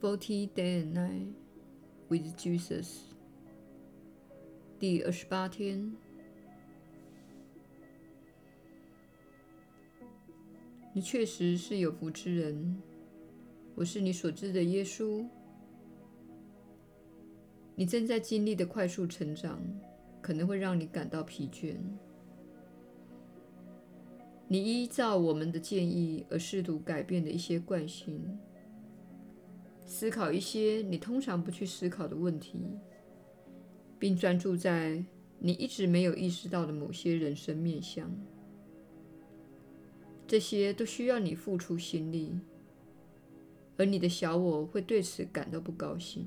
Forty Day and Night with Jesus。第二十八天，你確實是有福之人。我是你所知的耶穌。你正在經歷的快速成長，可能會讓你感到疲倦。你依照我們的建議而試圖改變的一些慣性。思考一些你通常不去思考的問題，並專注在你一直沒有意識到的某些人生面向。這些都需要你付出心力，而你的小我會對此感到不高興。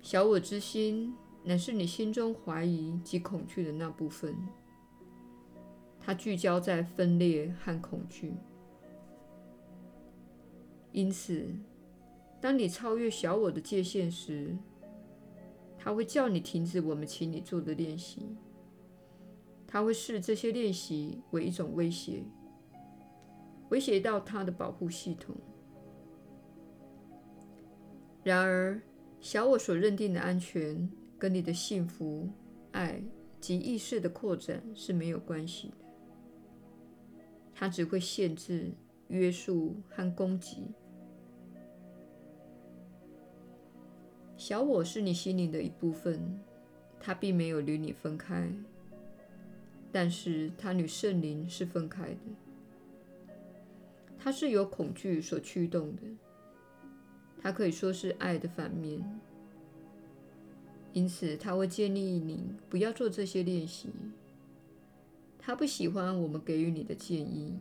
小我之心乃是你心中懷疑及恐懼的那部分，它聚焦在分裂和恐懼。因此，當你超越小我的界限時，它會叫你停止我們請你做的練習。它會視這些練習為一種威脅，威脅到它的保護系統。然而，小我所認定的安全跟你的幸福、愛及意識的擴展是沒有關係的。它只會限制、約束和攻擊。小我是你心靈的一部分，他並沒有與你分開，但是他與聖靈是分開的。他是由恐懼所驅動的，他可以說是愛的反面，因此他會建議你不要做這些練習。他不喜歡我們給予你的建議，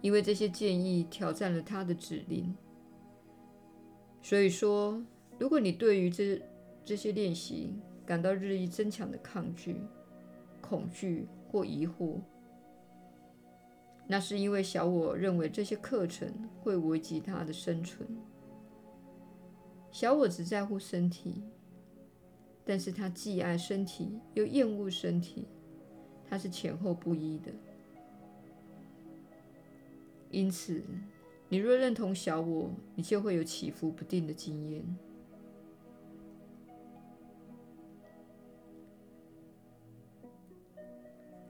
因為這些建議挑戰了他的指令，所以說，如果你對於這這些練習感到日益增強的抗拒、恐懼或疑惑，那是因為小我認為這些課程會危及它的生存。小我只在乎身體，但是它既愛身體又厭惡身體，它是前後不一的。因此，你若認同小我，你就會有起伏不定的經驗。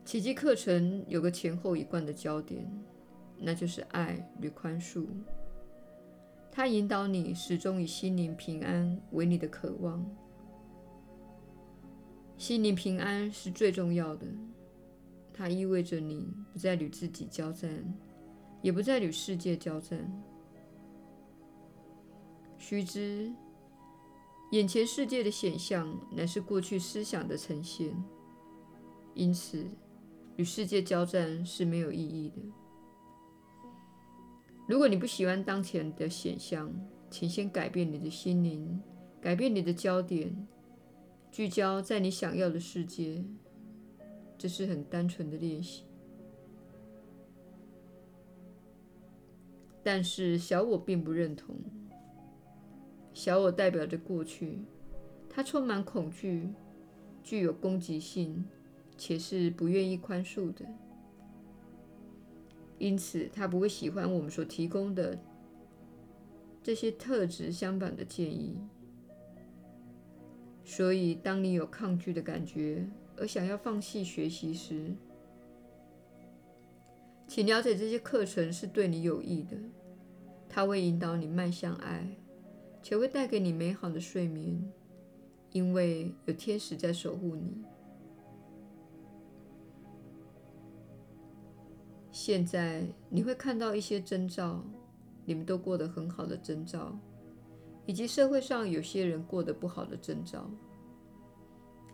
奇蹟課程有個前後一貫的焦點，那就是愛與寬恕。它引導你始終以心靈平安為你的渴望。心靈平安是最重要的，它意味着你不再與自己交戰，也不再與世界交戰。須知，眼前世界的顯相乃是過去思想的呈現，因此，與世界交戰是沒有意義的。如果你不喜歡當前的顯相，請先改變你的心靈，改變你的焦點，聚焦在你想要的世界。這是很單純的練習。但是小我並不認同。小我代表着過去，它充滿恐懼，具有攻擊性。且是不願意寬恕的，因此他不會喜歡我們所提供的這些特質相反的建議。所以，當你有抗拒的感覺而想要放棄學習時，請了解這些課程是對你有益的，它會引導你邁向愛，且會帶給你美好的睡眠，因為有天使在守護你。現在你會看到一些徵兆，你們都過得很好的徵兆，以及社會上有些人過得不好的徵兆。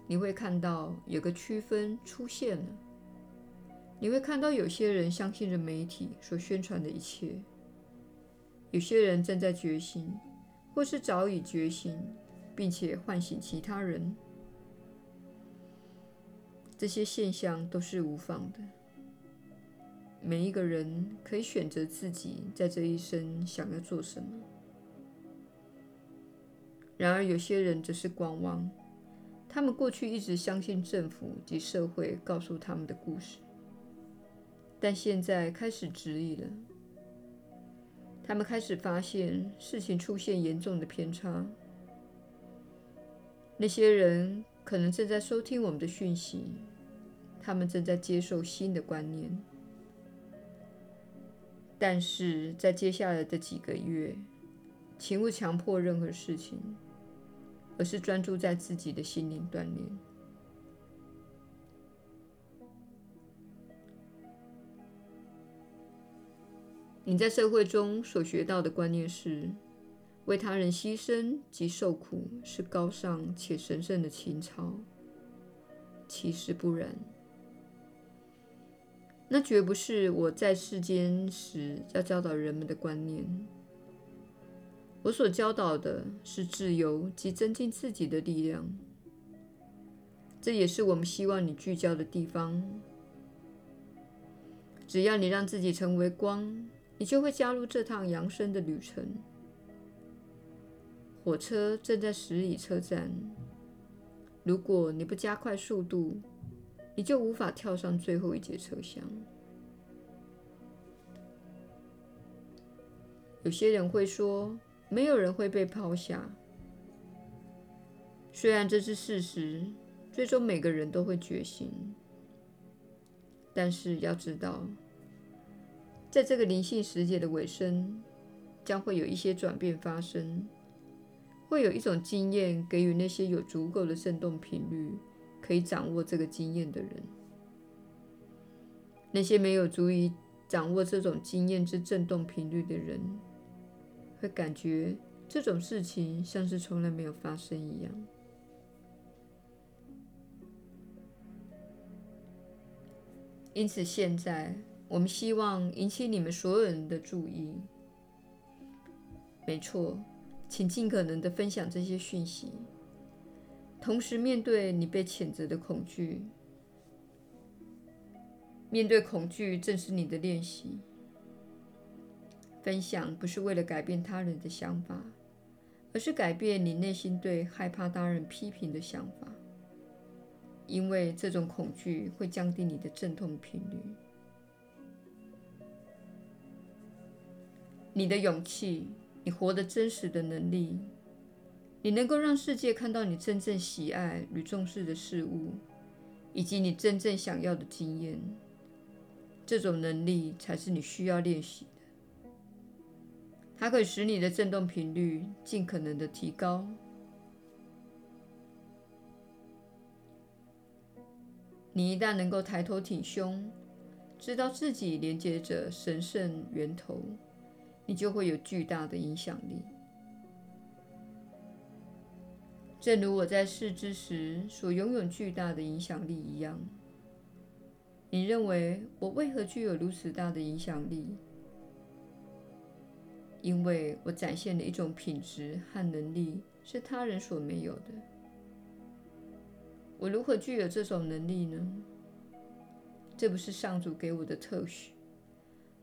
你會看到有個區分出現了，你會看到有些人相信着媒體所宣傳的一切，有些人正在覺醒，或是早已覺醒，並且喚醒其他人。這些現象都是無妨的。每一個人可以選擇自己在這一生想要做什麼。然而，有些人則是觀望，他們過去一直相信政府及社會告訴他們的故事，但現在開始質疑了。他們開始發現事情出現嚴重的偏差。那些人可能正在收聽我們的訊息，他們正在接受新的觀念。但是在接下來的幾個月，請勿強迫任何事情，而是專注在自己的心靈鍛煉。你在社會中所學到的觀念是，為他人犧牲及受苦是高尚且神聖的情操，其實不然。那絕不是我在世間時要教導人們的觀念。我所教導的是自由及增進自己的力量，這也是我們希望你聚焦的地方。只要你讓自己成為光，你就會加入這趟揚升的旅程。火車正在駛離車站。如果你不加快速度，你就無法跳上最後一節車廂。有些人會說，沒有人會被拋下，雖然這是事實，最終每個人都會覺醒。但是要知道，在這個靈性時節的尾聲，將會有一些轉變發生，會有一種經驗給予那些有足夠的振動頻率。可以掌握這個經驗的人，那些沒有足以掌握這種經驗之振動頻率的人，會感覺這種事情像是從來沒有發生一樣。因此，現在我們希望引起你們所有人的注意。沒錯，請盡可能地分享這些訊息。同時面對你被譴責的恐懼，面對恐懼正是你的練習。分享不是為了改變他人的想法，而是改變你內心對害怕他人批評的想法，因為這種恐懼會降低你的振動頻率。你的勇氣，你活得真實的能力。你能夠讓世界看到你真正喜愛與重視的事物，以及你真正想要的經驗。這種能力才是你需要練習的。它可以使你的振動頻率盡可能的提高。你一旦能夠抬頭挺胸，知道自己連結着神聖源頭，你就會有巨大的影響力。正如我在世之時所擁有巨大的影響力一樣，你認為我為何具有如此大的影響力？因為我展現了一種品質和能力是他人所沒有的。我如何具有這種能力呢？這不是上主給我的特許，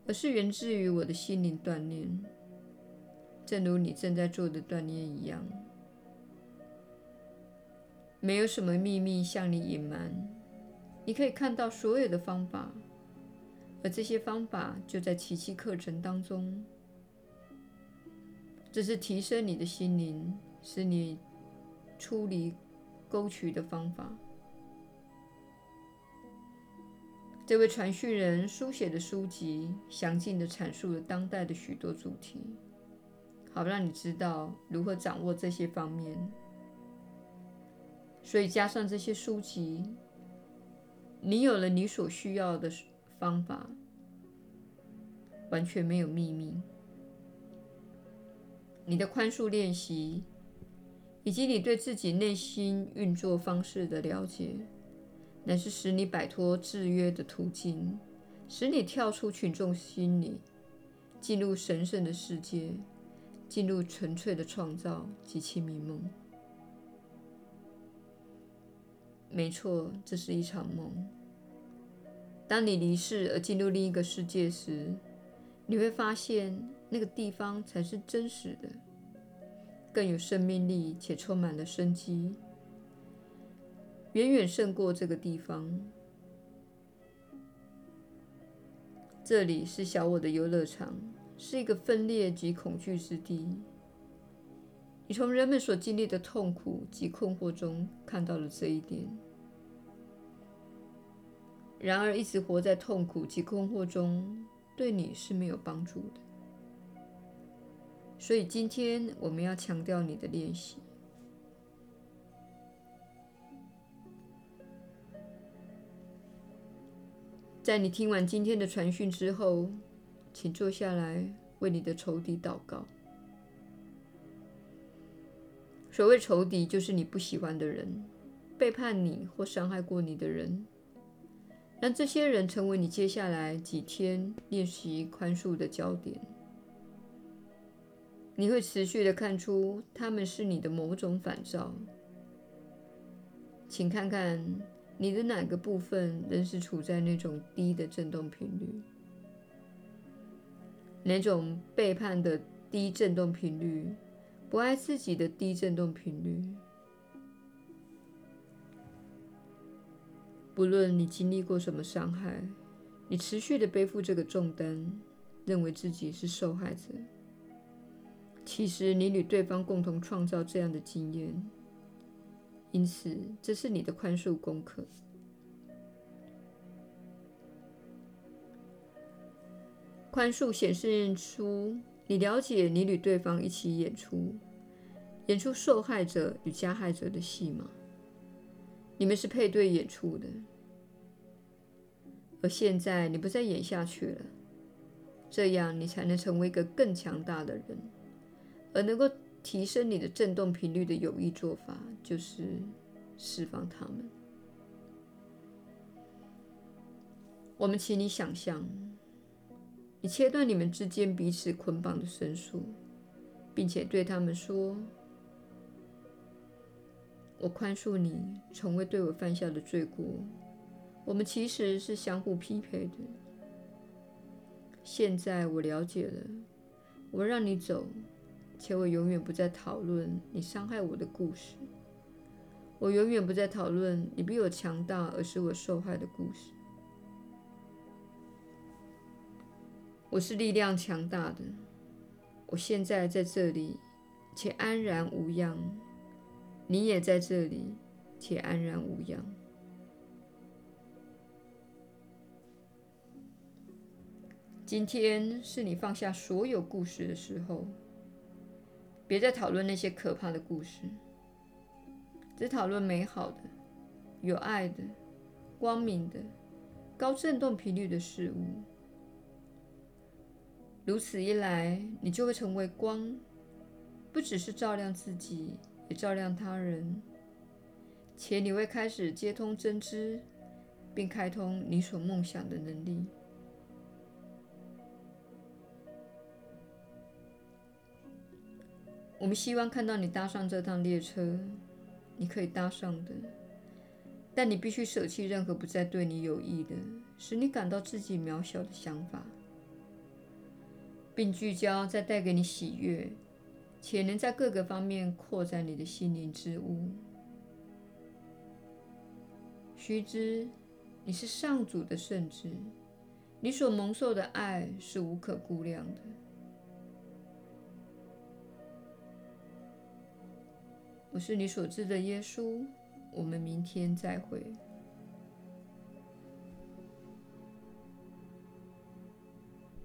而是源自於我的心靈鍛鍊，正如你正在做的鍛鍊一樣。沒有什麼秘密向你隱瞞，你可以看到所有的方法，而這些方法就在奇蹟課程當中。這是提升你的心靈，使你出離溝渠的方法。這位傳訊人書寫的書籍，詳盡地闡述了當代的許多主題，好讓你知道如何掌握這些方面。所以加上這些書籍，你有了你所需要的方法，完全沒有秘密。你的寬恕練習，以及你對自己內心運作方式的了解，乃是使你擺脫制約的途徑，使你跳出群眾心理，進入神聖的世界，進入純粹的創造及清明夢。沒錯，這是一場夢。當你離世而進入另一個世界時，你會發現那個地方才是真實的，更有生命力且充滿了生機，遠遠勝過這個地方。這裡是小我的遊樂場，是一個分裂及恐懼之地。你從人們所經歷的痛苦及困惑中看到了這一點。然而，一直活在痛苦及困惑中，對你是沒有幫助的。所以，今天我們要強調你的練習。在你聽完今天的傳訊之後，請坐下來為你的仇敵禱告。所謂仇敵，就是你不喜歡的人、背叛你或傷害過你的人。讓這些人成為你接下來幾天練習寬恕的焦點。你會持續地看出他們是你的某種反照。請看看你的哪個部分仍是處在那種低的振動頻率？那種背叛的低振動頻率，不愛自己的低振動頻率。無論你經歷過什麼傷害，你持續地背負這個重擔，認為自己是受害者。其實你與對方共同創造這樣的經驗，因此這是你的寬恕功課。寬恕顯示出你了解你與對方一起演出，演出受害者與加害者的戲碼，你們是配對演出的。而現在你不再演下去了，這樣你才能成為一個更強大的人。而能夠提升你的振動頻率的有益做法，就是釋放他們。我們，請你想象，你切斷你們之間彼此捆綁的繩索，並且對他們說：“我寬恕你從未對我犯下的罪過。”我們其實是相互匹配的。現在我了解了，我讓你走，且我永遠不再討論你傷害我的故事。我永遠不再討論你比我強大，而是我受害的故事。我是力量強大的，我現在在這裡且安然無恙，你也在這裡且安然無恙。今天是你放下所有故事的時候，別再討論那些可怕的故事，只討論美好的、有愛的、光明的、高振動頻率的事物。如此一來，你就會成為光，不只是照亮自己，也照亮他人，且你會開始接通真知，並開通你所夢想的能力。我們希望看到你搭上這趟列車，你可以搭上的，但你必須捨棄任何不再對你有益的、使你感到自己渺小的想法，並聚焦在帶給你喜悅且能在各個方面擴展你的心靈之物。須知，你是上主的聖子，你所蒙受的愛是無可估量的。我是你所知的耶穌，我們明天再會。